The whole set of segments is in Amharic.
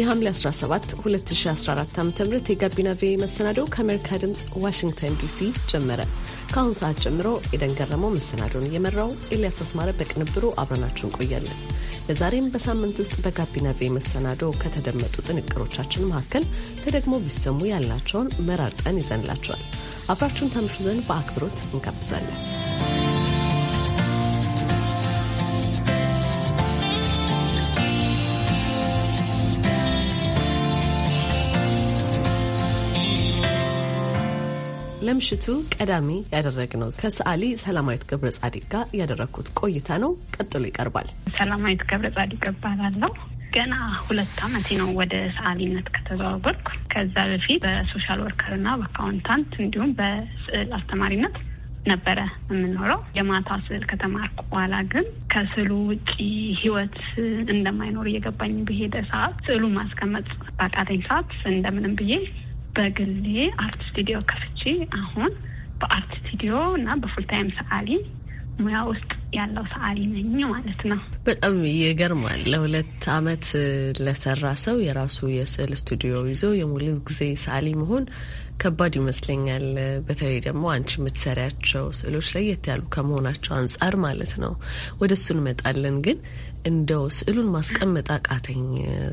የሐምሌ 17 2014 ዓ ም የጋቢና ቪ መሰናዶው ከአሜሪካ ድምፅ ዋሽንግተን ዲሲ ጀመረ። ከአሁን ሰዓት ጀምሮ ኤደን ገረመው መሰናዶን እየመራው፣ ኤልያስ አስማረ በቅንብሩ አብረናችሁ እንቆያለን። ለዛሬም በሳምንት ውስጥ በጋቢና ቪ መሰናዶ ከተደመጡ ጥንቅሮቻችን መካከል ተደግሞ ቢሰሙ ያላቸውን መራርጠን ይዘንላቸዋል። አብራችሁን ታምሹ ዘንድ በአክብሮት እንጋብዛለን። ለምሽቱ ቀዳሚ ያደረግነው ከሰዓሊ ሰላማዊት ገብረ ጻዲቅ ጋር ያደረግኩት ቆይታ ነው። ቀጥሎ ይቀርባል። ሰላማዊት ገብረ ጻዲቅ እባላለሁ። ገና ሁለት ዓመቴ ነው ወደ ሰዓሊነት ከተዘዋወርኩ። ከዛ በፊት በሶሻል ወርከርና በአካውንታንት እንዲሁም በስዕል አስተማሪነት ነበረ የምኖረው። የማታ ስዕል ከተማርኩ በኋላ ግን ከስዕሉ ውጪ ህይወት እንደማይኖር እየገባኝ በሄደ ሰዓት ስዕሉ ማስቀመጥ በአቃተኝ ሰዓት እንደምንም ብዬ በግሌ አርት ስቱዲዮ ከፍቼ አሁን በአርት ስቱዲዮ እና በፉልታይም ሰዓሊ ሙያ ውስጥ ያለው ሰዓሊ ነኝ ማለት ነው። በጣም ይገርማል። ለሁለት አመት ለሰራ ሰው የራሱ የስዕል ስቱዲዮ ይዞ የሙሉ ጊዜ ሰዓሊ መሆን ከባድ ይመስለኛል። በተለይ ደግሞ አንቺ የምትሰሪያቸው ስዕሎች ለየት ያሉ ከመሆናቸው አንጻር ማለት ነው። ወደ እሱ እንመጣለን። ግን እንደው ስዕሉን ማስቀመጥ አቃተኝ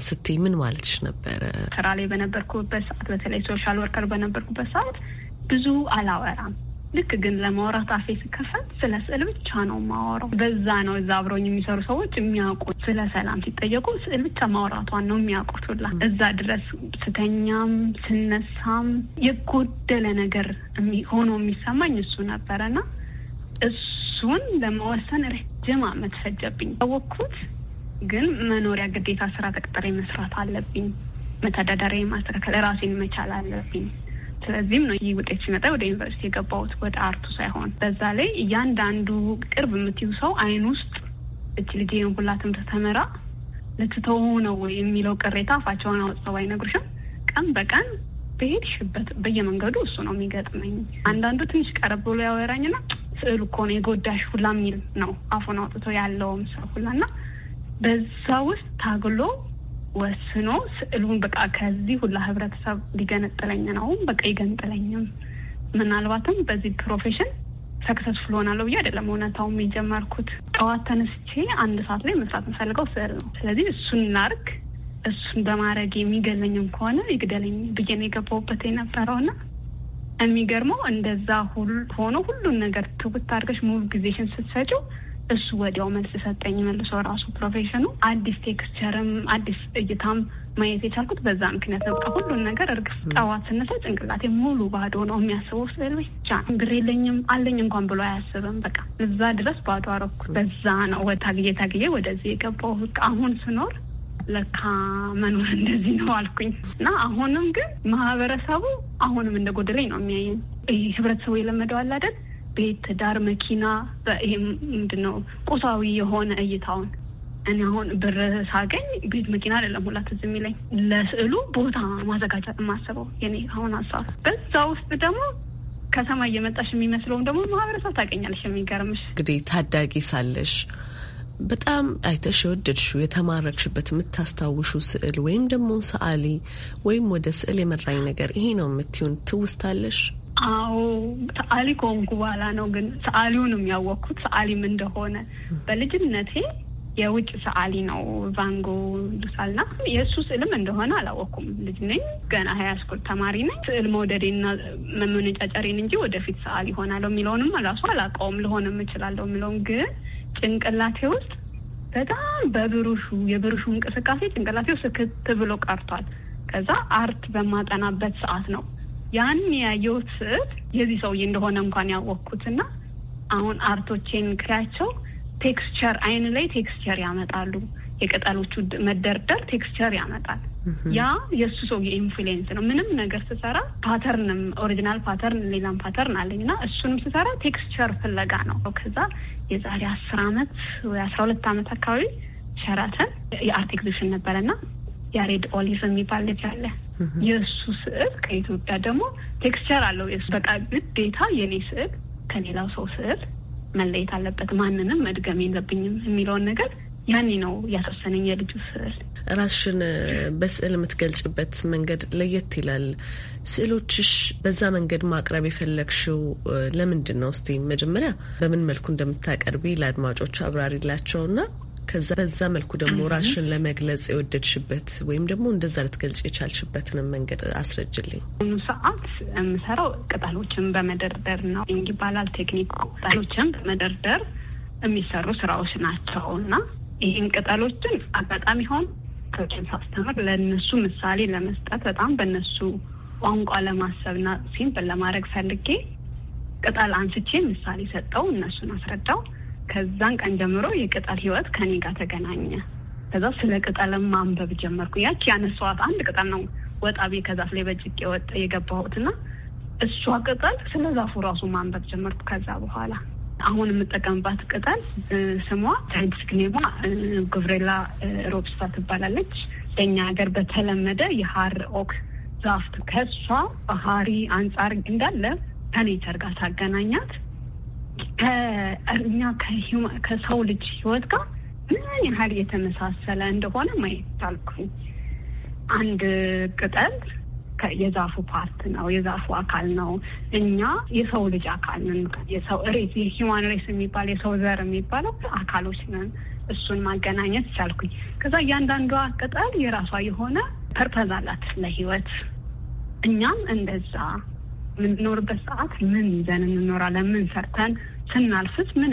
ስትይ ምን ማለትሽ ነበረ? ስራ ላይ በነበርኩበት ሰዓት፣ በተለይ ሶሻል ወርከር በነበርኩበት ሰዓት ብዙ አላወራም ልክ ግን ለማውራት አፌ ስከፈት ስለ ስዕል ብቻ ነው ማወራው በዛ ነው እዛ አብረኝ የሚሰሩ ሰዎች የሚያውቁት። ስለ ሰላም ሲጠየቁ ስዕል ብቻ ማውራቷን ነው የሚያውቁት። ሁላ እዛ ድረስ ስተኛም ስነሳም የጎደለ ነገር ሆኖ የሚሰማኝ እሱ ነበረና እሱን ለመወሰን ረጅም አመት ፈጀብኝ። ታወቅኩት፣ ግን መኖሪያ ግዴታ ስራ ተቀጥሬ መስራት አለብኝ። መተዳደሪያ ማስተካከል ራሴን መቻል አለብኝ። ስለዚህም ነው ይህ ውጤት ሲመጣ ወደ ዩኒቨርሲቲ የገባሁት ወደ አርቱ ሳይሆን። በዛ ላይ እያንዳንዱ ቅርብ የምትይው ሰው አይን ውስጥ እች ልጅ ሁላ ትምህርት ተምራ ልትተው ነው የሚለው ቅሬታ አፋቸውን አውጥተው አይነግሩሽም። ቀን በቀን በሄድሽበት በየመንገዱ እሱ ነው የሚገጥመኝ። አንዳንዱ ትንሽ ቀረብ ብሎ ያወራኝና ስዕል እኮ ነው የጎዳሽ ሁላ የሚል ነው አፉን አውጥቶ ያለውም ሰው ሁላና በዛ ውስጥ ታግሎ ወስኖ ስዕሉን በቃ ከዚህ ሁላ ህብረተሰብ ሊገነጥለኝ ነው በቃ ይገንጥለኝም ምናልባትም በዚህ ፕሮፌሽን ሰክሰስፉል ሆናለሁ ብዬ አይደለም እውነታውም የጀመርኩት። ጠዋት ተነስቼ አንድ ሰዓት ላይ መስራት የምፈልገው ስዕል ነው። ስለዚህ እሱን ላርግ፣ እሱን በማድረግ የሚገለኝም ከሆነ ይግደለኝ ብዬ ነው የገባሁበት የነበረውና የሚገርመው እንደዛ ሆኖ ሁሉን ነገር ትውት አድርገሽ ሙሉ ጊዜሽን ስትሰጪው እሱ ወዲያው መልስ ሰጠኝ መልሶ ራሱ ፕሮፌሽኑ አዲስ ቴክስቸርም አዲስ እይታም ማየት የቻልኩት በዛ ምክንያት ነው። በቃ ሁሉን ነገር እርግፍ ጠዋት ስነሳ ጭንቅላቴ ሙሉ ባዶ ነው የሚያስበው ስለ ብቻ ብር የለኝም አለኝ እንኳን ብሎ አያስብም። በቃ እዛ ድረስ ባዶ አረኩ። በዛ ነው ታግዬ ታግዬ ወደዚህ የገባው አሁን ስኖር ለካ መኖር እንደዚህ ነው አልኩኝ እና አሁንም ግን ማህበረሰቡ አሁንም እንደጎደለኝ ነው የሚያየኝ። ይህ ህብረተሰቡ የለመደው አለ አይደል ቤት፣ ዳር መኪና ይሄ ምንድን ነው ቁሳዊ የሆነ እይታውን እኔ አሁን ብር ሳገኝ ቤት መኪና አይደለም ሁላ ትዝ የሚለኝ ለስዕሉ ቦታ ማዘጋጃ የማስበው የኔ አሁን ሀሳብ። በዛ ውስጥ ደግሞ ከሰማይ እየመጣሽ የሚመስለውም ደግሞ ማህበረሰብ ታገኛለሽ። የሚገርምሽ እንግዲህ ታዳጊ ሳለሽ በጣም አይተሽ የወደድሽው የተማረክሽበት የምታስታውሹ ስዕል ወይም ደግሞ ሰዓሊ ወይም ወደ ስዕል የመራኝ ነገር ይሄ ነው የምትሆን ትውስታለሽ? አዎ ሰዓሊ ከሆንኩ በኋላ ነው ግን ሰዓሊውንም የሚያወቅኩት ሰዓሊም እንደሆነ በልጅነቴ የውጭ ሰዓሊ ነው ቫንጎ ዱሳልና የእሱ ስዕልም እንደሆነ አላወቅኩም። ልጅ ነኝ ገና ሀያ ስኩል ተማሪ ነኝ። ስዕል መውደዴና መመነጫጨሬን እንጂ ወደፊት ሰዓሊ ይሆናለሁ የሚለውንም ራሱ አላውቀውም። ልሆንም እችላለሁ የሚለውም ግን ጭንቅላቴ ውስጥ በጣም በብሩሹ የብሩሹ እንቅስቃሴ ጭንቅላቴ ውስጥ ክት ብሎ ቀርቷል። ከዛ አርት በማጠናበት ሰዓት ነው ያን ያየሁት ስዕል የዚህ ሰውዬ እንደሆነ እንኳን ያወቅኩትና አሁን አርቶቼን ክያቸው ቴክስቸር አይን ላይ ቴክስቸር ያመጣሉ። የቅጠሎቹ መደርደር ቴክስቸር ያመጣል። ያ የእሱ ሰው የኢንፍሉዌንስ ነው። ምንም ነገር ስሰራ ፓተርንም ኦሪጂናል ፓተርን ሌላም ፓተርን አለኝ እና እሱንም ስሰራ ቴክስቸር ፍለጋ ነው። ከዛ የዛሬ አስር አመት ወይ አስራ ሁለት አመት አካባቢ ሸራተን የአርት ኤግዚቢሽን ነበረና ያሬድ ኦሊቭ የሚባል ልጅ አለ። የእሱ ስዕል ከኢትዮጵያ ደግሞ ቴክስቸር አለው። በቃ ግዴታ የኔ ስዕል ከሌላው ሰው ስዕል መለየት አለበት፣ ማንንም መድገም የለብኝም የሚለውን ነገር ያኔ ነው ያሳሰነኝ የልጁ ስዕል። ራስሽን በስዕል የምትገልጭበት መንገድ ለየት ይላል። ስዕሎችሽ በዛ መንገድ ማቅረብ የፈለግሽው ለምንድን ነው? እስቲ መጀመሪያ በምን መልኩ እንደምታቀርቢ ለአድማጮቹ አብራሪላቸውና ከዛ በዛ መልኩ ደግሞ ራሽን ለመግለጽ የወደድሽበት ወይም ደግሞ እንደዛ ልትገልጭ የቻልሽበትንም መንገድ አስረጅልኝ። ብዙ ሰዓት የምሰራው ቅጠሎችን በመደርደር ነው። ንግ ይባላል ቴክኒክ ቅጠሎችን በመደርደር የሚሰሩ ስራዎች ናቸው እና ይህን ቅጠሎችን አጋጣሚ ሆን ከጭን ሳስተምር ለእነሱ ምሳሌ ለመስጠት በጣም በእነሱ ቋንቋ ለማሰብና ሲምፕል ለማድረግ ፈልጌ ቅጠል አንስቼ ምሳሌ ሰጠው፣ እነሱን አስረዳው። ከዛን ቀን ጀምሮ የቅጠል ህይወት ከኔ ጋር ተገናኘ። ከዛ ስለ ቅጠልም ማንበብ ጀመርኩ። ያቺ ያነሳኋት አንድ ቅጠል ነው ወጣ ቤ ከዛፍ ላይ በጭቅ የወጣ የገባሁትና እሷ ቅጠል ስለ ዛፉ ራሱ ማንበብ ጀመርኩ። ከዛ በኋላ አሁን የምጠቀምባት ቅጠል ስሟ ታይድስክኔማ ጉብሬላ ሮብስታ ትባላለች። በእኛ ሀገር በተለመደ የሀር ኦክ ዛፍት ከእሷ ባህሪ አንጻር እንዳለ ከኔቸር ጋር ታገናኛት ከእኛ ከሰው ልጅ ህይወት ጋር ምን ያህል የተመሳሰለ እንደሆነ ማየት ቻልኩኝ። አንድ ቅጠል የዛፉ ፓርት ነው፣ የዛፉ አካል ነው። እኛ የሰው ልጅ አካል ነን። የሰው ሬስ የሂውማን ሬስ የሚባል የሰው ዘር የሚባለው አካሎች ነን። እሱን ማገናኘት ቻልኩኝ። ከዛ እያንዳንዷ ቅጠል የራሷ የሆነ ፐርፐዝ አላት ለህይወት። እኛም እንደዛ የምንኖርበት ሰዓት ምን ይዘን እንኖራለን? ምን ሰርተን ስናልፍስ ምን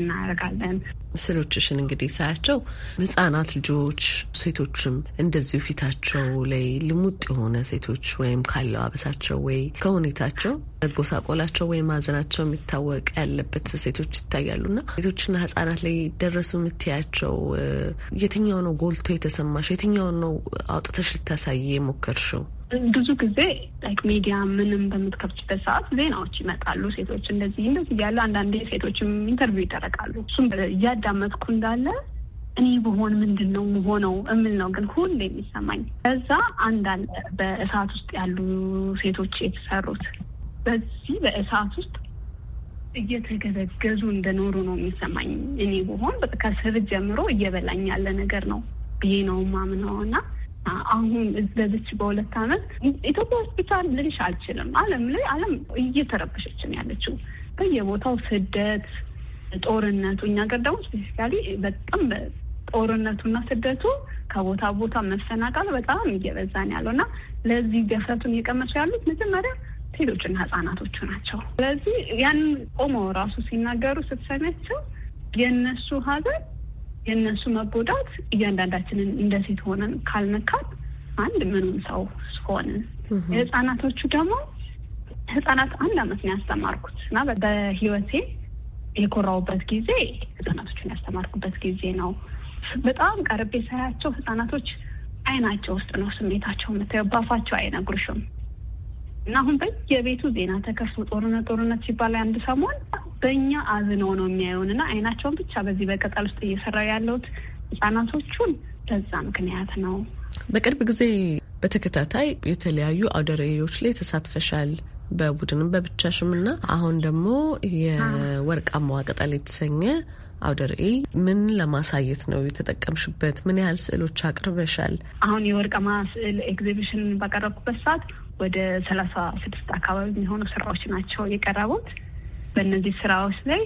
እናደርጋለን? ምስሎችሽን እንግዲህ ሳያቸው ህጻናት ልጆች፣ ሴቶችም እንደዚሁ ፊታቸው ላይ ልሙጥ የሆነ ሴቶች ወይም ካለባበሳቸው ወይ ከሁኔታቸው መጎሳቆላቸው ወይም ማዘናቸው የሚታወቅ ያለበት ሴቶች ይታያሉና ሴቶችና ህጻናት ላይ ደረሱ የምትያቸው የትኛው ነው ጎልቶ የተሰማሽ? የትኛው ነው አውጥተሽ ልታሳይ የሞከርሽው? ብዙ ጊዜ ላይክ ሚዲያ ምንም በምትከፍችበት ሰዓት ዜናዎች ይመጣሉ። ሴቶች እንደዚህ እንደዚህ እያለ አንዳንዴ ሴቶችም ኢንተርቪው ይደረጋሉ። እሱም እያዳመጥኩ እንዳለ እኔ በሆን ምንድን ነው መሆነው እምል ነው ግን ሁሌ የሚሰማኝ በዛ አንዳንድ በእሳት ውስጥ ያሉ ሴቶች የተሰሩት በዚህ በእሳት ውስጥ እየተገዘገዙ እንደኖሩ ነው የሚሰማኝ። እኔ በሆን ከስር ጀምሮ እየበላኝ ያለ ነገር ነው ብዬ ነው ማምነው እና አሁን በዚች በሁለት አመት ኢትዮጵያ ውስጥ ብቻ ልልሽ አልችልም። አለም ላይ አለም እየተረበሸች ነው ያለችው በየቦታው ስደት፣ ጦርነቱ እኛ ሀገር ደግሞ ስፔሲፊካሊ በጣም ጦርነቱና ስደቱ ከቦታ ቦታ መፈናቀሉ በጣም እየበዛ ያለው እና ለዚህ ገፈቱን እየቀመሱ ያሉት መጀመሪያ ሴቶችና ህጻናቶቹ ናቸው። ስለዚህ ያን ቆመው ራሱ ሲናገሩ ስትሰሚያቸው የእነሱ ሀዘን የእነሱ መጎዳት እያንዳንዳችንን እንደ ሴት ሆነን ካልነካት አንድ ምኑም ሰው ሆንን። የህጻናቶቹ ደግሞ ህጻናት አንድ አመት ነው ያስተማርኩት እና በህይወቴ የኮራውበት ጊዜ ህጻናቶቹን ያስተማርኩበት ጊዜ ነው። በጣም ቀርቤ ሳያቸው ህጻናቶች አይናቸው ውስጥ ነው ስሜታቸው የምታየው፣ ባፋቸው አይነግሩሽም። እና አሁን በየቤቱ ዜና ተከፍቶ ጦርነት ጦርነት ሲባል አንድ ሰሞን በእኛ አዝነው ነው የሚያዩን እና አይናቸውን ብቻ በዚህ በቅጠል ውስጥ እየሰራ ያለውት ህጻናቶቹን በዛ ምክንያት ነው። በቅርብ ጊዜ በተከታታይ የተለያዩ አውደ ርዕዮች ላይ ተሳትፈሻል። በቡድንም በብቻሽም እና አሁን ደግሞ የወርቃማዋ ቅጠል የተሰኘ አውደ ርዕይ ምን ለማሳየት ነው የተጠቀምሽበት? ምን ያህል ስዕሎች አቅርበሻል? አሁን የወርቃማ ስዕል ኤግዚቢሽን ባቀረብኩበት ሰዓት ወደ ሰላሳ ስድስት አካባቢ የሚሆኑ ስራዎች ናቸው የቀረቡት። በእነዚህ ስራዎች ላይ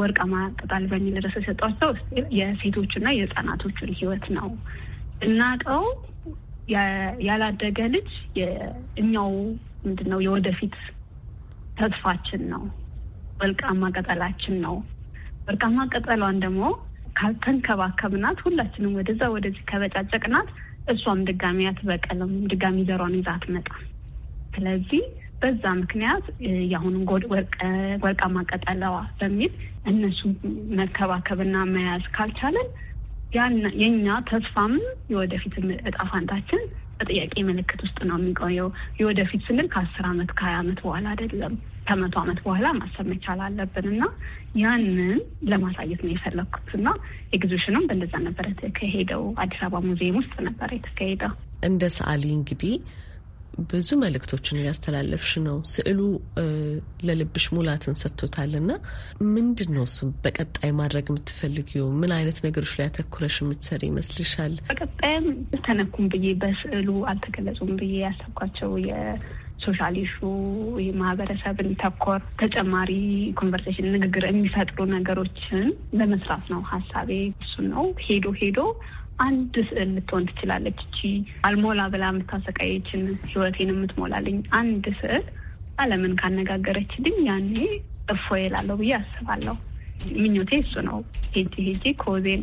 ወርቃማ ቅጠል በሚል ርዕስ የሰጧቸው የሴቶችና የህፃናቶችን ህይወት ነው። እናቀው ያላደገ ልጅ እኛው ምንድን ነው የወደፊት ተስፋችን ነው፣ ወርቃማ ቅጠላችን ነው። ወርቃማ ቅጠሏን ደግሞ ካልተንከባከብናት፣ ሁላችንም ወደዛ ወደዚህ ከበጫጨቅናት፣ እሷም ድጋሚ አትበቀልም፣ ድጋሚ ዘሯን ይዛ አትመጣም። ስለዚህ በዛ ምክንያት የአሁኑን ወርቃማ ቀጠለዋ በሚል እነሱን መከባከብና መያዝ ካልቻለን የእኛ ተስፋም የወደፊት እጣ ፋንታችን በጥያቄ ምልክት ውስጥ ነው የሚቆየው። የወደፊት ስንል ከአስር አመት ከሀያ አመት በኋላ አይደለም ከመቶ ዓመት በኋላ ማሰብ መቻል አለብን እና ያንን ለማሳየት ነው የፈለግኩት እና ኤግዚቢሽኑም በእንደዛ ነበረ ከሄደው አዲስ አበባ ሙዚየም ውስጥ ነበረ የተካሄደው። እንደ ሰዓሊ እንግዲህ ብዙ መልእክቶችን እያስተላለፍሽ ነው። ስዕሉ ለልብሽ ሙላትን ሰጥቶታል እና ምንድን ነው እሱ በቀጣይ ማድረግ የምትፈልጊው? ምን አይነት ነገሮች ላይ አተኩረሽ የምትሰሪ ይመስልሻል? በቀጣይም ተነኩም ብዬ በስዕሉ አልተገለጹም ብዬ ያሰብኳቸው የሶሻል ኢሹ የማህበረሰብን ተኮር ተጨማሪ ኮንቨርሴሽን ንግግር የሚፈጥሩ ነገሮችን ለመስራት ነው ሀሳቤ። እሱ ነው ሄዶ ሄዶ አንድ ስዕል ልትሆን ትችላለች። እቺ አልሞላ ብላ የምታሰቃየችን ህይወቴን የምትሞላልኝ አንድ ስዕል ዓለምን ካነጋገረችልኝ ያኔ እፎ እላለሁ ብዬ አስባለሁ። ምኞቴ እሱ ነው። ሄጂ ሄጂ ኮዜን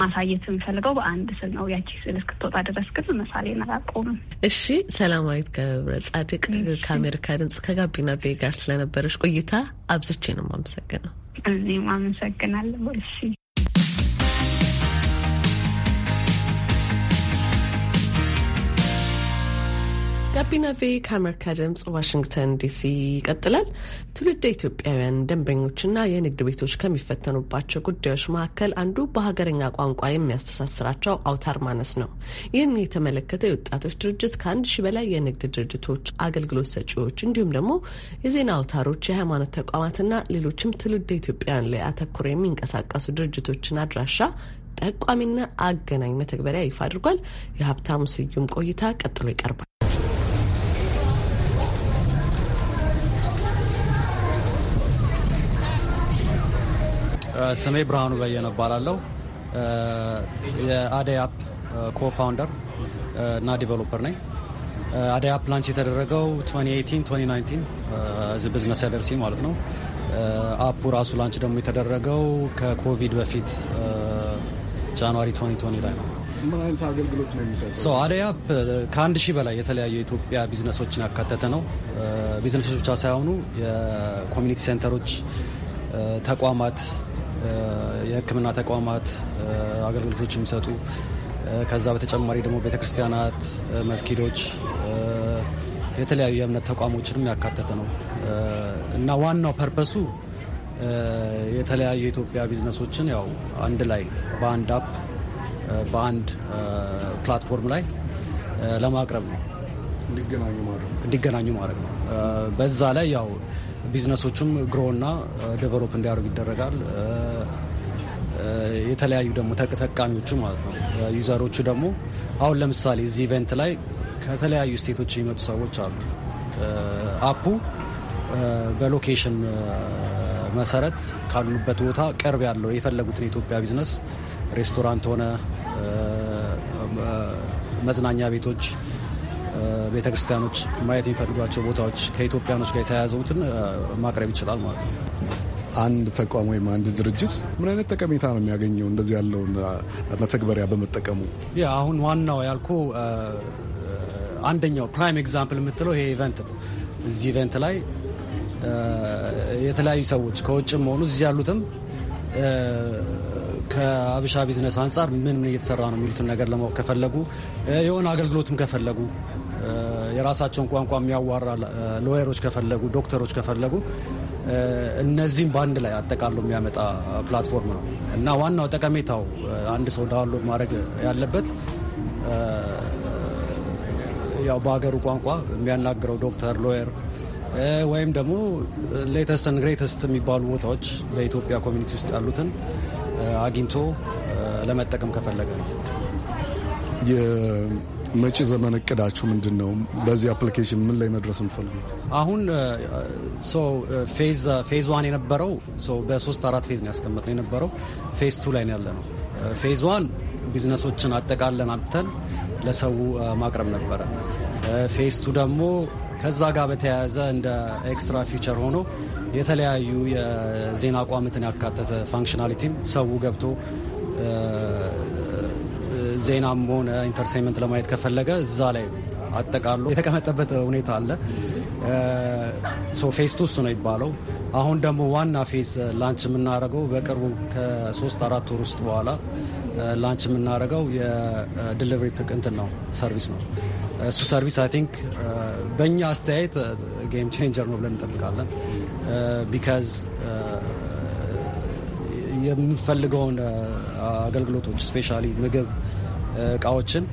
ማሳየት የምፈልገው በአንድ ስል ነው። ያቺ ስል እስክትወጣ ድረስ ግን መሳሌን አላቆምም። እሺ፣ ሰላማዊት ገብረ ጻድቅ ከአሜሪካ ድምጽ ከጋቢና ቤ ጋር ስለነበረች ቆይታ አብዝቼ ነው የማመሰግነው። እኔም አመሰግናለሁ። እሺ ጋቢና ቬ ከአሜሪካ ድምፅ ዋሽንግተን ዲሲ ይቀጥላል። ትውልደ ኢትዮጵያውያን ደንበኞችና የንግድ ቤቶች ከሚፈተኑባቸው ጉዳዮች መካከል አንዱ በሀገረኛ ቋንቋ የሚያስተሳስራቸው አውታር ማነስ ነው። ይህን የተመለከተ የወጣቶች ድርጅት ከአንድ ሺህ በላይ የንግድ ድርጅቶች፣ አገልግሎት ሰጪዎች እንዲሁም ደግሞ የዜና አውታሮች፣ የሃይማኖት ተቋማትና ሌሎችም ትውልደ ኢትዮጵያውያን ላይ አተኩሮ የሚንቀሳቀሱ ድርጅቶችን አድራሻ ጠቋሚና አገናኝ መተግበሪያ ይፋ አድርጓል። የሀብታሙ ስዩም ቆይታ ቀጥሎ ይቀርባል። ስሜ ብርሃኑ በየነ እባላለሁ። የአደይ አፕ ኮፋውንደር እና ዲቨሎፐር ነኝ። አደይ አፕ ላንች የተደረገው 2018 2019 ብዝነስ ያደርሲ ማለት ነው። አፑ ራሱ ላንች ደግሞ የተደረገው ከኮቪድ በፊት ጃንዋሪ 2020 ላይ ነው። ምን አይነት አገልግሎት ነው የሚሰጠው? አደይ አፕ ከአንድ ሺህ በላይ የተለያዩ የኢትዮጵያ ቢዝነሶችን ያካተተ ነው። ቢዝነሶች ብቻ ሳይሆኑ የኮሚኒቲ ሴንተሮች፣ ተቋማት የሕክምና ተቋማት አገልግሎቶች የሚሰጡ ከዛ በተጨማሪ ደግሞ ቤተክርስቲያናት፣ መስጊዶች፣ የተለያዩ የእምነት ተቋሞችንም ያካተተ ነው እና ዋናው ፐርፐሱ የተለያዩ የኢትዮጵያ ቢዝነሶችን ያው አንድ ላይ በአንድ አፕ በአንድ ፕላትፎርም ላይ ለማቅረብ ነው፣ እንዲገናኙ ማድረግ ነው። በዛ ላይ ያው ቢዝነሶቹም ግሮና ዴቨሎፕ እንዲያደርጉ ይደረጋል። የተለያዩ ደግሞ ተጠቃሚዎቹ ማለት ነው ዩዘሮቹ ደግሞ አሁን ለምሳሌ እዚህ ኢቨንት ላይ ከተለያዩ ስቴቶች የሚመጡ ሰዎች አሉ። አፑ በሎኬሽን መሰረት ካሉበት ቦታ ቅርብ ያለው የፈለጉትን የኢትዮጵያ ቢዝነስ ሬስቶራንት ሆነ መዝናኛ ቤቶች ቤተ ክርስቲያኖች ማየት የሚፈልጓቸው ቦታዎች ከኢትዮጵያኖች ጋር የተያያዘውትን ማቅረብ ይችላል ማለት ነው። አንድ ተቋም ወይም አንድ ድርጅት ምን አይነት ጠቀሜታ ነው የሚያገኘው እንደዚህ ያለውን መተግበሪያ በመጠቀሙ? ያ አሁን ዋናው ያልኩ አንደኛው ፕራይም ኤግዛምፕል የምትለው ይሄ ኢቨንት ነው። እዚህ ኢቨንት ላይ የተለያዩ ሰዎች ከውጭም ሆኑ እዚህ ያሉትም ከአብሻ ቢዝነስ አንጻር ምን ምን እየተሰራ ነው የሚሉትን ነገር ለማወቅ ከፈለጉ የሆነ አገልግሎትም ከፈለጉ የራሳቸውን ቋንቋ የሚያዋራ ሎየሮች ከፈለጉ፣ ዶክተሮች ከፈለጉ እነዚህም በአንድ ላይ አጠቃሎ የሚያመጣ ፕላትፎርም ነው እና ዋናው ጠቀሜታው አንድ ሰው ዳውንሎድ ማድረግ ያለበት ያው በሀገሩ ቋንቋ የሚያናግረው ዶክተር፣ ሎየር ወይም ደግሞ ሌተስትን ግሬተስት የሚባሉ ቦታዎች በኢትዮጵያ ኮሚኒቲ ውስጥ ያሉትን አግኝቶ ለመጠቀም ከፈለገ ነው። መጪ ዘመን እቅዳችሁ ምንድን ነው? በዚህ አፕሊኬሽን ምን ላይ መድረስ እንፈልጉ? አሁን ፌዝ ዋን የነበረው በሶስት አራት ፌዝ ነው ያስቀመጥነው የነበረው። ፌዝ ቱ ላይ ነው ያለ ነው። ፌዝ ዋን ቢዝነሶችን አጠቃለን አምጥተን ለሰው ማቅረብ ነበረ። ፌዝ ቱ ደግሞ ከዛ ጋር በተያያዘ እንደ ኤክስትራ ፊቸር ሆኖ የተለያዩ የዜና አቋምትን ያካተተ ፋንክሽናሊቲም ሰው ገብቶ ዜናም ሆነ ኢንተርቴንመንት ለማየት ከፈለገ እዛ ላይ አጠቃሎ የተቀመጠበት ሁኔታ አለ። ፌስ ቱ እሱ ነው ይባለው። አሁን ደግሞ ዋና ፌስ ላንች የምናደርገው በቅርቡ ከሶስት አራት ወር ውስጥ በኋላ ላንች የምናደርገው የዲሊቨሪ ፒክ እንትን ነው ሰርቪስ ነው። እሱ ሰርቪስ አይ ቲንክ በእኛ አስተያየት ጌም ቼንጀር ነው ብለን እንጠብቃለን። ቢካዝ የምንፈልገውን አገልግሎቶች ስፔሻሊ ምግብ እቃዎችን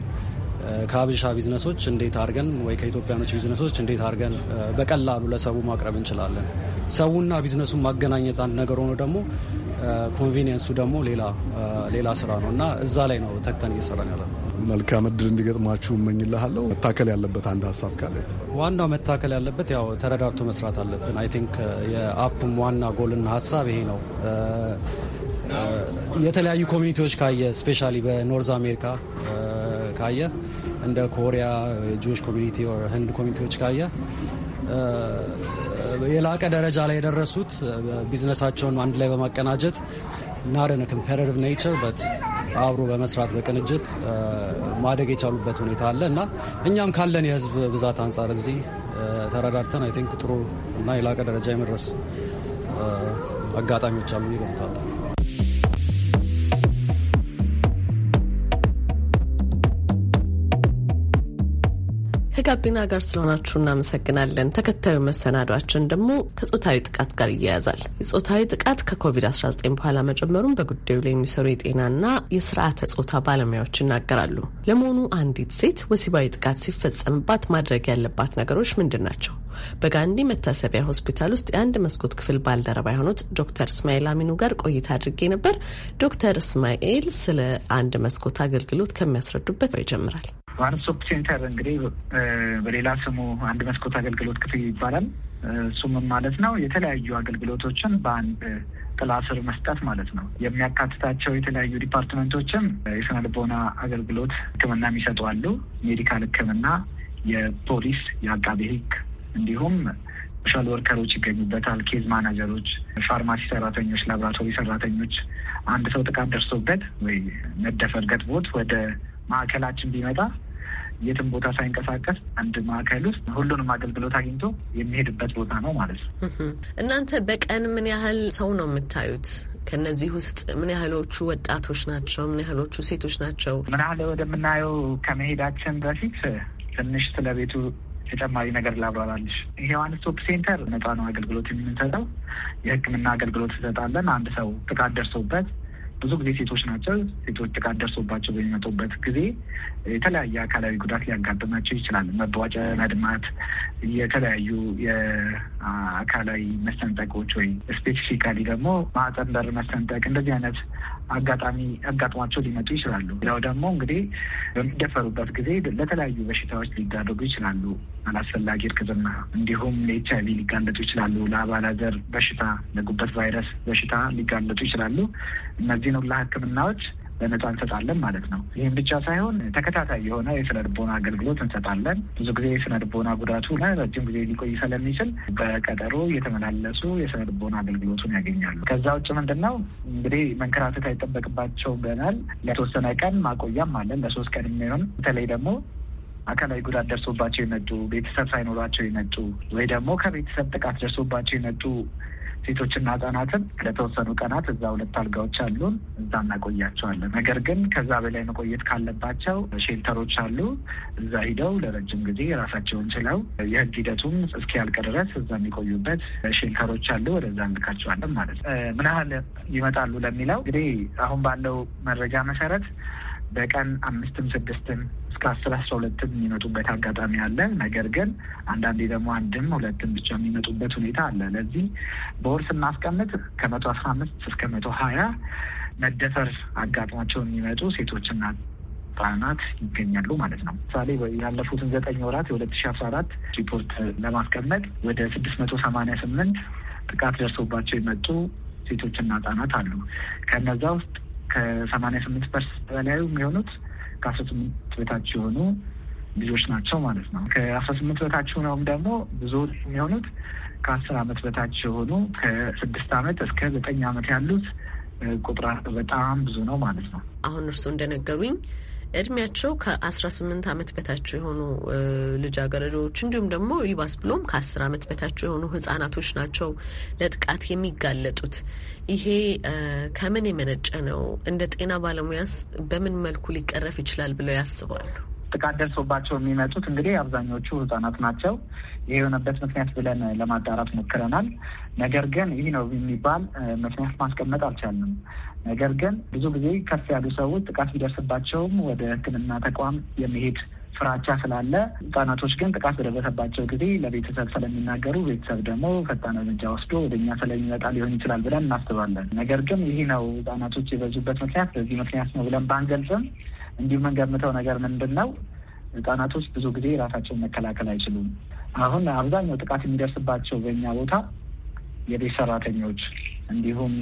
ከሀበሻ ቢዝነሶች እንዴት አድርገን ወይ ከኢትዮጵያኖች ቢዝነሶች እንዴት አድርገን በቀላሉ ለሰው ማቅረብ እንችላለን። ሰውና ቢዝነሱን ማገናኘት አንድ ነገር ሆኖ ደግሞ ኮንቪኒየንሱ ደግሞ ሌላ ስራ ነው እና እዛ ላይ ነው ተግተን እየሰራን ያለ። መልካም እድል እንዲገጥማችሁ እመኝልሃለሁ። መታከል ያለበት አንድ ሀሳብ ካለ ዋናው መታከል ያለበት ያው ተረዳርቶ መስራት አለብን። አይ ቲንክ የአፕም ዋና ጎልና ሀሳብ ይሄ ነው። የተለያዩ ኮሚኒቲዎች ካየ ስፔሻሊ በኖርዝ አሜሪካ ካየ እንደ ኮሪያ ጁዎች ኮሚኒቲ ህንድ ኮሚኒቲዎች ካየ የላቀ ደረጃ ላይ የደረሱት ቢዝነሳቸውን አንድ ላይ በማቀናጀት ናረን ኮምፓራቲቭ ኔቸር በት አብሮ በመስራት በቅንጅት ማደግ የቻሉበት ሁኔታ አለ እና እኛም ካለን የህዝብ ብዛት አንጻር እዚህ ተረዳድተን አይ ቲንክ ጥሩ እና የላቀ ደረጃ የመድረስ አጋጣሚዎች አሉ ይገምታለን። ከጋቢና ጋር ስለሆናችሁ እናመሰግናለን። ተከታዩ መሰናዷችን ደግሞ ከጾታዊ ጥቃት ጋር ይያያዛል። የጾታዊ ጥቃት ከኮቪድ-19 በኋላ መጨመሩን በጉዳዩ ላይ የሚሰሩ የጤናና የስርዓተ ጾታ ባለሙያዎች ይናገራሉ። ለመሆኑ አንዲት ሴት ወሲባዊ ጥቃት ሲፈጸምባት ማድረግ ያለባት ነገሮች ምንድን ናቸው? በጋንዲ መታሰቢያ ሆስፒታል ውስጥ የአንድ መስኮት ክፍል ባልደረባ የሆኑት ዶክተር እስማኤል አሚኑ ጋር ቆይታ አድርጌ ነበር። ዶክተር እስማኤል ስለ አንድ መስኮት አገልግሎት ከሚያስረዱበት ይጀምራል። ዋን ስቶፕ ሴንተር እንግዲህ በሌላ ስሙ አንድ መስኮት አገልግሎት ክፍል ይባላል። እሱምም ማለት ነው የተለያዩ አገልግሎቶችን በአንድ ጥላ ስር መስጠት ማለት ነው። የሚያካትታቸው የተለያዩ ዲፓርትመንቶችም የስነ ልቦና አገልግሎት ሕክምና የሚሰጡ አሉ፣ ሜዲካል ሕክምና፣ የፖሊስ፣ የአቃቤ ሕግ እንዲሁም ሶሻል ወርከሮች ይገኙበታል። ኬዝ ማናጀሮች፣ ፋርማሲ ሰራተኞች፣ ላብራቶሪ ሰራተኞች አንድ ሰው ጥቃት ደርሶበት ወይ መደፈር ገጥሞት ወደ ማዕከላችን ቢመጣ የትም ቦታ ሳይንቀሳቀስ አንድ ማዕከል ውስጥ ሁሉንም አገልግሎት አግኝቶ የሚሄድበት ቦታ ነው ማለት ነው። እናንተ በቀን ምን ያህል ሰው ነው የምታዩት? ከነዚህ ውስጥ ምን ያህሎቹ ወጣቶች ናቸው? ምን ያህሎቹ ሴቶች ናቸው? ምን ያህል ወደምናየው ከመሄዳችን በፊት ትንሽ ስለ ቤቱ ተጨማሪ ነገር ላብራራልሽ። የዮሐንስ ሆፕ ሴንተር ነጻ ነው አገልግሎት የምንሰጠው። የሕክምና አገልግሎት እንሰጣለን። አንድ ሰው ጥቃት ደርሶበት ብዙ ጊዜ ሴቶች ናቸው። ሴቶች ጥቃት ደርሶባቸው በሚመጡበት ጊዜ የተለያየ አካላዊ ጉዳት ሊያጋጥማቸው ይችላል። መቧጨ፣ መድማት፣ የተለያዩ የአካላዊ መሰንጠቆች ወይ ስፔሲፊካሊ ደግሞ ማህፀን በር መሰንጠቅ እንደዚህ አይነት አጋጣሚ አጋጥሟቸው ሊመጡ ይችላሉ። ያው ደግሞ እንግዲህ በሚደፈሩበት ጊዜ ለተለያዩ በሽታዎች ሊዳረጉ ይችላሉ። አላስፈላጊ እርግዝና፣ እንዲሁም ለኤች አይቪ ሊጋለጡ ይችላሉ። ለአባላዘር በሽታ፣ ለጉበት ቫይረስ በሽታ ሊጋለጡ ይችላሉ። እነዚህን ሁላ ህክምናዎች በነጻ እንሰጣለን ማለት ነው። ይህም ብቻ ሳይሆን ተከታታይ የሆነ የስነ ልቦና አገልግሎት እንሰጣለን። ብዙ ጊዜ የስነ ልቦና ጉዳቱ ላይ ረጅም ጊዜ ሊቆይ ስለሚችል በቀጠሮ የተመላለሱ የስነ ልቦና አገልግሎቱን ያገኛሉ። ከዛ ውጭ ምንድን ነው እንግዲህ መንከራተት አይጠበቅባቸው ገናል ለተወሰነ ቀን ማቆያም አለን ለሶስት ቀን የሚሆን በተለይ ደግሞ አካላዊ ጉዳት ደርሶባቸው የመጡ ቤተሰብ ሳይኖሯቸው የመጡ ወይ ደግሞ ከቤተሰብ ጥቃት ደርሶባቸው የመጡ ሴቶችና ህጻናትን ለተወሰኑ ቀናት እዛ ሁለት አልጋዎች አሉን፣ እዛ እናቆያቸዋለን። ነገር ግን ከዛ በላይ መቆየት ካለባቸው ሼልተሮች አሉ። እዛ ሂደው ለረጅም ጊዜ ራሳቸውን ችለው የህግ ሂደቱም እስኪያልቅ ድረስ እዛ የሚቆዩበት ሼልተሮች አሉ። ወደዛ እንልካቸዋለን ማለት ነው። ምን ያህል ይመጣሉ ለሚለው እንግዲህ አሁን ባለው መረጃ መሰረት በቀን አምስትም ስድስትም እስከ አስር አስራ ሁለትም የሚመጡበት አጋጣሚ አለ። ነገር ግን አንዳንዴ ደግሞ አንድም ሁለትም ብቻ የሚመጡበት ሁኔታ አለ። ለዚህ በወር ስናስቀምጥ ከመቶ አስራ አምስት እስከ መቶ ሀያ መደፈር አጋጥሟቸው የሚመጡ ሴቶችና ህጻናት ይገኛሉ ማለት ነው። ምሳሌ ያለፉትን ዘጠኝ ወራት የሁለት ሺ አስራ አራት ሪፖርት ለማስቀመጥ ወደ ስድስት መቶ ሰማኒያ ስምንት ጥቃት ደርሶባቸው የመጡ ሴቶችና ህጻናት አሉ። ከነዛ ውስጥ ከሰማኒያ ስምንት ፐርሰንት በላዩ የሚሆኑት ከአስራ ስምንት በታች የሆኑ ልጆች ናቸው ማለት ነው። ከአስራ ስምንት በታች ሆነውም ደግሞ ብዙ የሚሆኑት ከአስር አመት በታች የሆኑ ከስድስት አመት እስከ ዘጠኝ አመት ያሉት ቁጥራ በጣም ብዙ ነው ማለት ነው። አሁን እርስዎ እንደነገሩኝ እድሜያቸው ከ18 ዓመት በታቸው የሆኑ ልጃገረዶች እንዲሁም ደግሞ ይባስ ብሎም ከ10 ዓመት በታቸው የሆኑ ህጻናቶች ናቸው ለጥቃት የሚጋለጡት። ይሄ ከምን የመነጨ ነው? እንደ ጤና ባለሙያስ በምን መልኩ ሊቀረፍ ይችላል ብለው ያስባሉ? ጥቃት ደርሶባቸው የሚመጡት እንግዲህ አብዛኞቹ ህጻናት ናቸው። ይህ የሆነበት ምክንያት ብለን ለማጣራት ሞክረናል። ነገር ግን ይህ ነው የሚባል ምክንያት ማስቀመጥ አልቻልንም። ነገር ግን ብዙ ጊዜ ከፍ ያሉ ሰዎች ጥቃት ቢደርስባቸውም ወደ ሕክምና ተቋም የመሄድ ፍራቻ ስላለ ህጻናቶች ግን ጥቃት በደረሰባቸው ጊዜ ለቤተሰብ ስለሚናገሩ ቤተሰብ ደግሞ ፈጣን እርምጃ ወስዶ ወደ እኛ ስለሚመጣ ሊሆን ይችላል ብለን እናስባለን። ነገር ግን ይህ ነው ህጻናቶች የበዙበት ምክንያት በዚህ ምክንያት ነው ብለን ባንገልጽም እንዲሁ የምንገምተው ነገር ምንድን ነው? ህጻናቶች ብዙ ጊዜ ራሳቸውን መከላከል አይችሉም። አሁን አብዛኛው ጥቃት የሚደርስባቸው በእኛ ቦታ የቤት ሰራተኞች እንዲሁም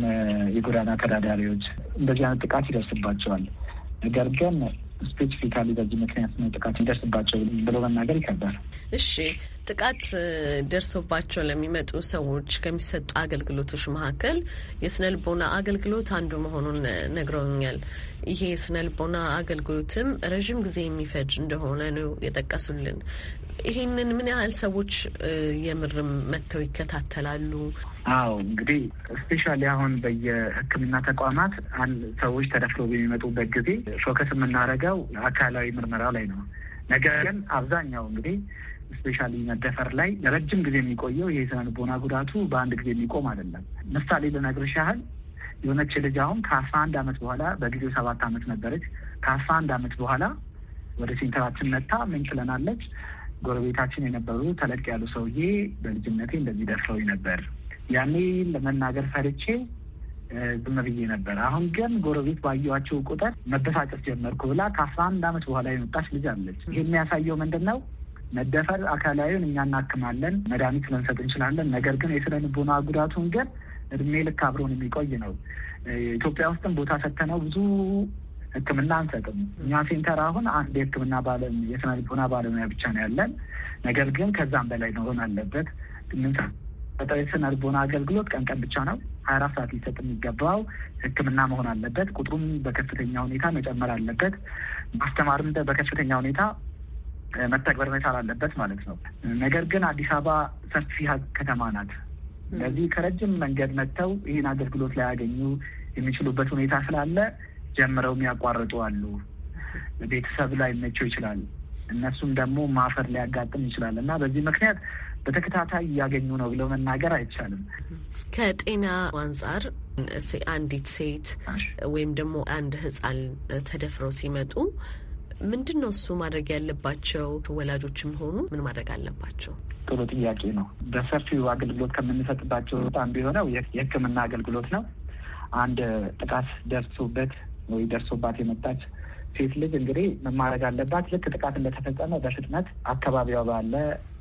የጎዳና ተዳዳሪዎች እንደዚህ አይነት ጥቃት ይደርስባቸዋል። ነገር ግን ስፔሲፊካሊ በዚህ ምክንያት ነው ጥቃት ይደርስባቸው ብሎ መናገር ይከብዳል። እሺ ጥቃት ደርሶባቸው ለሚመጡ ሰዎች ከሚሰጡ አገልግሎቶች መካከል የስነ ልቦና አገልግሎት አንዱ መሆኑን ነግረውኛል። ይሄ የስነ ልቦና አገልግሎትም ረዥም ጊዜ የሚፈጅ እንደሆነ ነው የጠቀሱልን። ይሄንን ምን ያህል ሰዎች የምርም መጥተው ይከታተላሉ? አዎ እንግዲህ ስፔሻሊ አሁን በየሕክምና ተቋማት አንድ ሰዎች ተደፍሮ በሚመጡበት ጊዜ ፎከስ የምናደርገው አካላዊ ምርመራ ላይ ነው። ነገር ግን አብዛኛው እንግዲህ ስፔሻሊ መደፈር ላይ ለረጅም ጊዜ የሚቆየው ይህ የስነ ልቦና ጉዳቱ በአንድ ጊዜ የሚቆም አይደለም። ምሳሌ ልነግርሽ ያህል የሆነች ልጅ አሁን ከአስራ አንድ አመት በኋላ በጊዜው ሰባት አመት ነበረች። ከአስራ አንድ አመት በኋላ ወደ ሴንተራችን መጥታ ምን ችለናለች ጎረቤታችን የነበሩ ተለቅ ያሉ ሰውዬ በልጅነቴ እንደዚህ ደርሰውኝ ነበር። ያኔ ለመናገር ፈርቼ ዝም ብዬ ነበር። አሁን ግን ጎረቤት ባየኋቸው ቁጥር መበሳጨት ጀመርኩ ብላ ከአስራ አንድ ዓመት በኋላ የመጣች ልጅ አለች። ይህ የሚያሳየው ምንድን ነው? መደፈር አካላዊውን እኛ እናክማለን፣ መድኃኒት ልንሰጥ እንችላለን። ነገር ግን የስነ ልቦና ጉዳቱን ግን እድሜ ልክ አብሮን የሚቆይ ነው። ኢትዮጵያ ውስጥም ቦታ ሰጥተነው ብዙ ህክምና አንሰጥም። እኛ ሴንተር አሁን አንድ የህክምና ባለ የስነ ልቦና ባለሙያ ብቻ ነው ያለን። ነገር ግን ከዛም በላይ መሆን አለበት። የስነ ልቦና አገልግሎት ቀን ቀን ብቻ ነው ሀያ አራት ሰዓት ሊሰጥ የሚገባው ህክምና መሆን አለበት። ቁጥሩም በከፍተኛ ሁኔታ መጨመር አለበት። ማስተማርም በከፍተኛ ሁኔታ መተግበር መቻል አለበት ማለት ነው። ነገር ግን አዲስ አበባ ሰፊ ከተማ ናት። ስለዚህ ከረጅም መንገድ መጥተው ይህን አገልግሎት ላያገኙ የሚችሉበት ሁኔታ ስላለ ጀምረው የሚያቋርጡ አሉ። ቤተሰብ ላይ መቸው ይችላል። እነሱም ደግሞ ማፈር ሊያጋጥም ይችላል እና በዚህ ምክንያት በተከታታይ እያገኙ ነው ብለው መናገር አይቻልም። ከጤና አንጻር አንዲት ሴት ወይም ደግሞ አንድ ሕፃን ተደፍረው ሲመጡ ምንድን ነው እሱ ማድረግ ያለባቸው? ወላጆችም ሆኑ ምን ማድረግ አለባቸው? ጥሩ ጥያቄ ነው። በሰፊው አገልግሎት ከምንሰጥባቸው አንዱ ቢሆነው የሕክምና አገልግሎት ነው። አንድ ጥቃት ደርሶበት ወይ ደርሶባት የመጣች ሴት ልጅ እንግዲህ መማረግ አለባት? ልክ ጥቃት እንደተፈጸመ በፍጥነት አካባቢዋ ባለ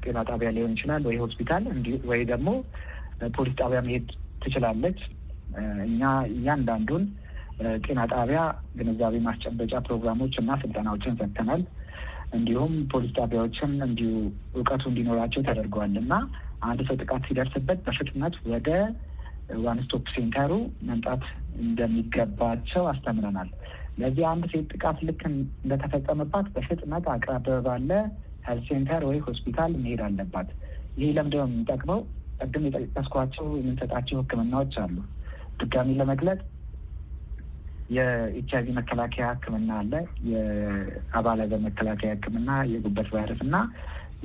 ጤና ጣቢያ ሊሆን ይችላል ወይ ሆስፒታል፣ ወይ ደግሞ ፖሊስ ጣቢያ መሄድ ትችላለች። እኛ እያንዳንዱን ጤና ጣቢያ ግንዛቤ ማስጨበጫ ፕሮግራሞች እና ስልጠናዎችን ሰጥተናል። እንዲሁም ፖሊስ ጣቢያዎችም እንዲሁ እውቀቱ እንዲኖራቸው ተደርገዋል እና አንድ ሰው ጥቃት ሲደርስበት በፍጥነት ወደ ዋንስቶፕ ሴንተሩ መምጣት እንደሚገባቸው አስተምረናል። ለዚህ አንድ ሴት ጥቃት ልክ እንደተፈጸመባት በፍጥነት አቅራቢያ ባለ ሄልት ሴንተር ወይ ሆስፒታል መሄድ አለባት። ይህ ለምንድነው የሚጠቅመው? ቅድም የጠቀስኳቸው የምንሰጣቸው ሕክምናዎች አሉ። ድጋሚ ለመግለጽ የኤች አይቪ መከላከያ ሕክምና አለ፣ የአባላዘር መከላከያ ሕክምና፣ የጉበት ቫይረስ እና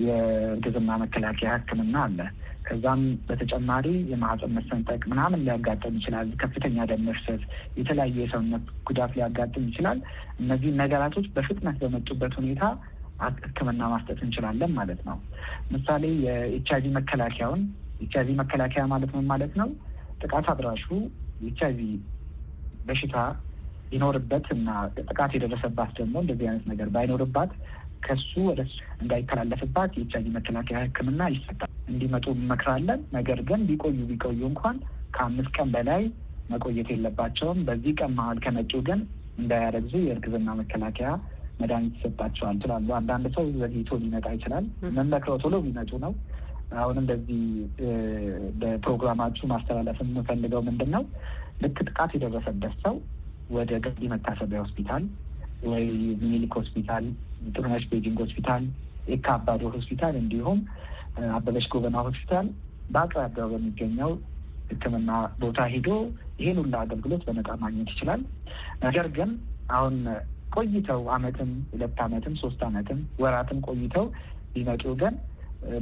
የእርግዝና መከላከያ ሕክምና አለ። ከዛም በተጨማሪ የማህፀን መሰንጠቅ ምናምን ሊያጋጥም ይችላል። ከፍተኛ ደም መፍሰስ፣ የተለያዩ የሰውነት ጉዳት ሊያጋጥም ይችላል። እነዚህ ነገራቶች በፍጥነት በመጡበት ሁኔታ ሕክምና ማስጠት እንችላለን ማለት ነው። ምሳሌ የኤች አይቪ መከላከያውን ኤች አይቪ መከላከያ ማለት ምን ማለት ነው? ጥቃት አድራሹ ኤች አይቪ በሽታ ይኖርበት እና ጥቃት የደረሰባት ደግሞ እንደዚህ አይነት ነገር ባይኖርባት ከሱ ወደ እንዳይተላለፍባት የኤች አይቪ መከላከያ ሕክምና ይሰጣል። እንዲመጡ እንመክራለን። ነገር ግን ቢቆዩ ቢቆዩ እንኳን ከአምስት ቀን በላይ መቆየት የለባቸውም። በዚህ ቀን መሀል ከመጪው ግን እንዳያረግዙ የእርግዝና መከላከያ መድኃኒት ይሰጣቸዋል ይችላሉ። አንዳንድ ሰው ዘግይቶ ሊመጣ ይችላል። መመክረው ቶሎ ቢመጡ ነው። አሁንም በዚህ በፕሮግራማችሁ ማስተላለፍ የምንፈልገው ምንድን ነው፣ ልክ ጥቃት የደረሰበት ሰው ወደ ገቢ መታሰቢያ ሆስፒታል ወይ ሚኒሊክ ሆስፒታል ጥሩነሽ ቤጂንግ ሆስፒታል፣ ኤካ አባዶ ሆስፒታል እንዲሁም አበበች ጎበና ሆስፒታል በአቅራቢያው በሚገኘው ሕክምና ቦታ ሄዶ ይህን ሁላ አገልግሎት በነጻ ማግኘት ይችላል። ነገር ግን አሁን ቆይተው አመትም ሁለት አመትም ሶስት አመትም ወራትም ቆይተው ሊመጡ ግን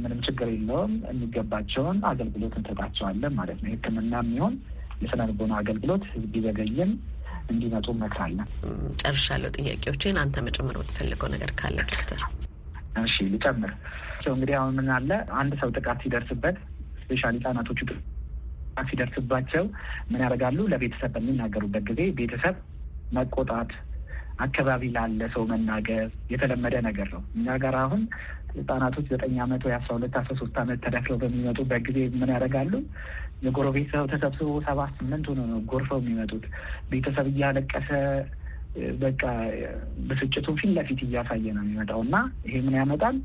ምንም ችግር የለውም። የሚገባቸውን አገልግሎት እንሰጣቸዋለን ማለት ነው። ሕክምና የሚሆን የስነ ልቦና አገልግሎት ቢዘገይም እንዲመጡ መክራለን። ጨርሻለሁ ጥያቄዎችን። አንተ መጨመር የምትፈልገው ነገር ካለ ዶክተር? እሺ ልጨምር። እንግዲህ አሁን ምን አለ አንድ ሰው ጥቃት ሲደርስበት ስፔሻል ህጻናቶቹ ጥቃት ሲደርስባቸው ምን ያደርጋሉ? ለቤተሰብ በሚናገሩበት ጊዜ ቤተሰብ መቆጣት፣ አካባቢ ላለ ሰው መናገር የተለመደ ነገር ነው። እኛ ጋር አሁን ህጻናቶች ዘጠኝ አመት ወይ አስራ ሁለት አስራ ሶስት አመት ተደፍረው በሚመጡበት ጊዜ ምን ያደርጋሉ? የጎረቤት ሰው ተሰብስቦ ሰባት ስምንት ሆኖ ነው ጎርፈው የሚመጡት። ቤተሰብ እያለቀሰ በቃ ብስጭቱን ፊት ለፊት እያሳየ ነው የሚመጣው እና ይሄ ምን ያመጣል?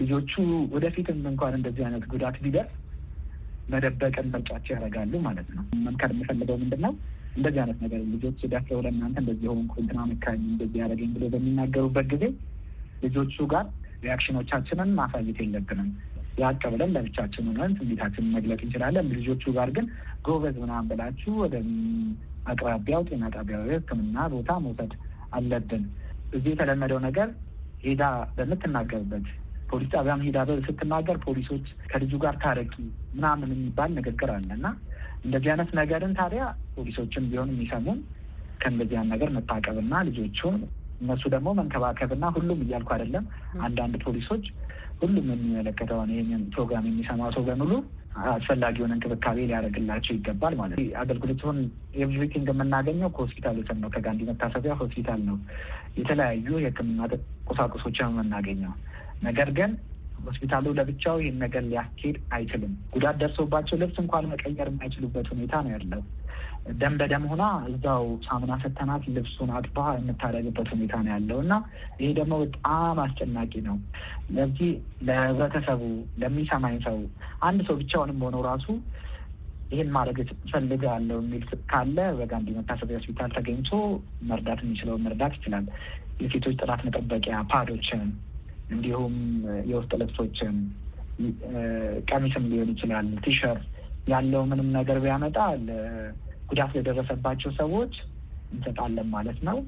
ልጆቹ ወደፊትም እንኳን እንደዚህ አይነት ጉዳት ቢደርስ መደበቅን ምርጫቸው ያደርጋሉ ማለት ነው። መምከር የምፈልገው ምንድን ነው እንደዚህ አይነት ነገር ልጆች ደፍረው ለእናንተ እንደዚህ ሆንኩ እንትና መካኝ እንደዚህ ያደረገኝ ብሎ በሚናገሩበት ጊዜ ልጆቹ ጋር ሪያክሽኖቻችንን ማሳየት የለብንም። ላቅ ብለን ለብቻችን ሆነን ስሜታችንን መግለጥ እንችላለን። ልጆቹ ጋር ግን ጎበዝ ምናምን ብላችሁ ወደ አቅራቢያው ጤና ጣቢያ ሕክምና ቦታ መውሰድ አለብን። እዚህ የተለመደው ነገር ሄዳ በምትናገርበት ፖሊስ ጣቢያም ሄዳ ስትናገር ፖሊሶች ከልጁ ጋር ታረቂ ምናምን የሚባል ንግግር አለ እና እንደዚህ አይነት ነገርን ታዲያ ፖሊሶችም ቢሆን የሚሰሙን ከእንደዚህ ነገር መታቀብና ልጆቹን እነሱ ደግሞ መንከባከብና ሁሉም እያልኩ አይደለም። አንዳንድ ፖሊሶች ሁሉም የሚመለከተውን ይህንን ፕሮግራም የሚሰማ ሰው በሙሉ አስፈላጊውን እንክብካቤ ሊያደርግላቸው ይገባል ማለት ነው። አገልግሎቱን ኤቭሪቲንግ የምናገኘው ከሆስፒታል ነው። ከጋንዲ መታሰቢያ ሆስፒታል ነው የተለያዩ የሕክምና ቁሳቁሶችን የምናገኘው። ነገር ግን ሆስፒታሉ ለብቻው ይህን ነገር ሊያስኬድ አይችልም። ጉዳት ደርሶባቸው ልብስ እንኳን መቀየር የማይችሉበት ሁኔታ ነው ያለው። ደም በደም ሆና እዛው ሳሙና ሰተናት ልብሱን አጥባ የምታደርግበት ሁኔታ ነው ያለው እና ይሄ ደግሞ በጣም አስጨናቂ ነው። ለዚህ ለህብረተሰቡ፣ ለሚሰማኝ ሰው አንድ ሰው ብቻውንም ሆነው ራሱ ይህን ማድረግ ፈልጋለሁ የሚል ካለ በጋንዲ መታሰቢያ ሆስፒታል ተገኝቶ መርዳት የሚችለውን መርዳት ይችላል። የሴቶች ጥራት መጠበቂያ ፓዶችን፣ እንዲሁም የውስጥ ልብሶችን፣ ቀሚስም ሊሆን ይችላል ቲሸርት ያለው ምንም ነገር ቢያመጣ ጉዳት ለደረሰባቸው ሰዎች እንሰጣለን ማለት ነው።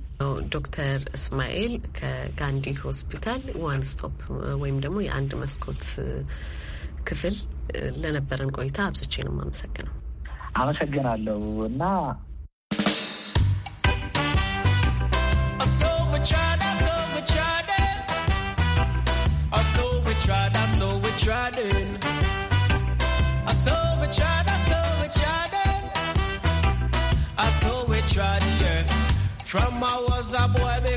ዶክተር እስማኤል ከጋንዲ ሆስፒታል ዋን ስቶፕ ወይም ደግሞ የአንድ መስኮት ክፍል ለነበረን ቆይታ አብዝቼ ነው የማመሰግነው። አመሰግናለሁ እና I saw we tried, I saw we tried I saw we tried. a boy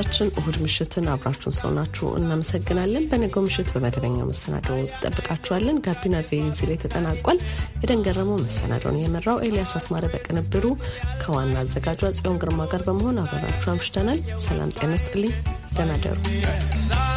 አድማጮቻችን እሁድ ምሽትን አብራችሁን ስለሆናችሁ እናመሰግናለን። በነገው ምሽት በመደበኛው መሰናዶ ጠብቃችኋለን። ጋቢና ቬንዚ ላይ ተጠናቋል። የደንገረመው መሰናዶውን የመራው ኤልያስ አስማረ በቅንብሩ ከዋና አዘጋጇ ጽዮን ግርማ ጋር በመሆን አብረናችሁ አምሽተናል። ሰላም ጤና ደናደሩ ደህና ደሩ።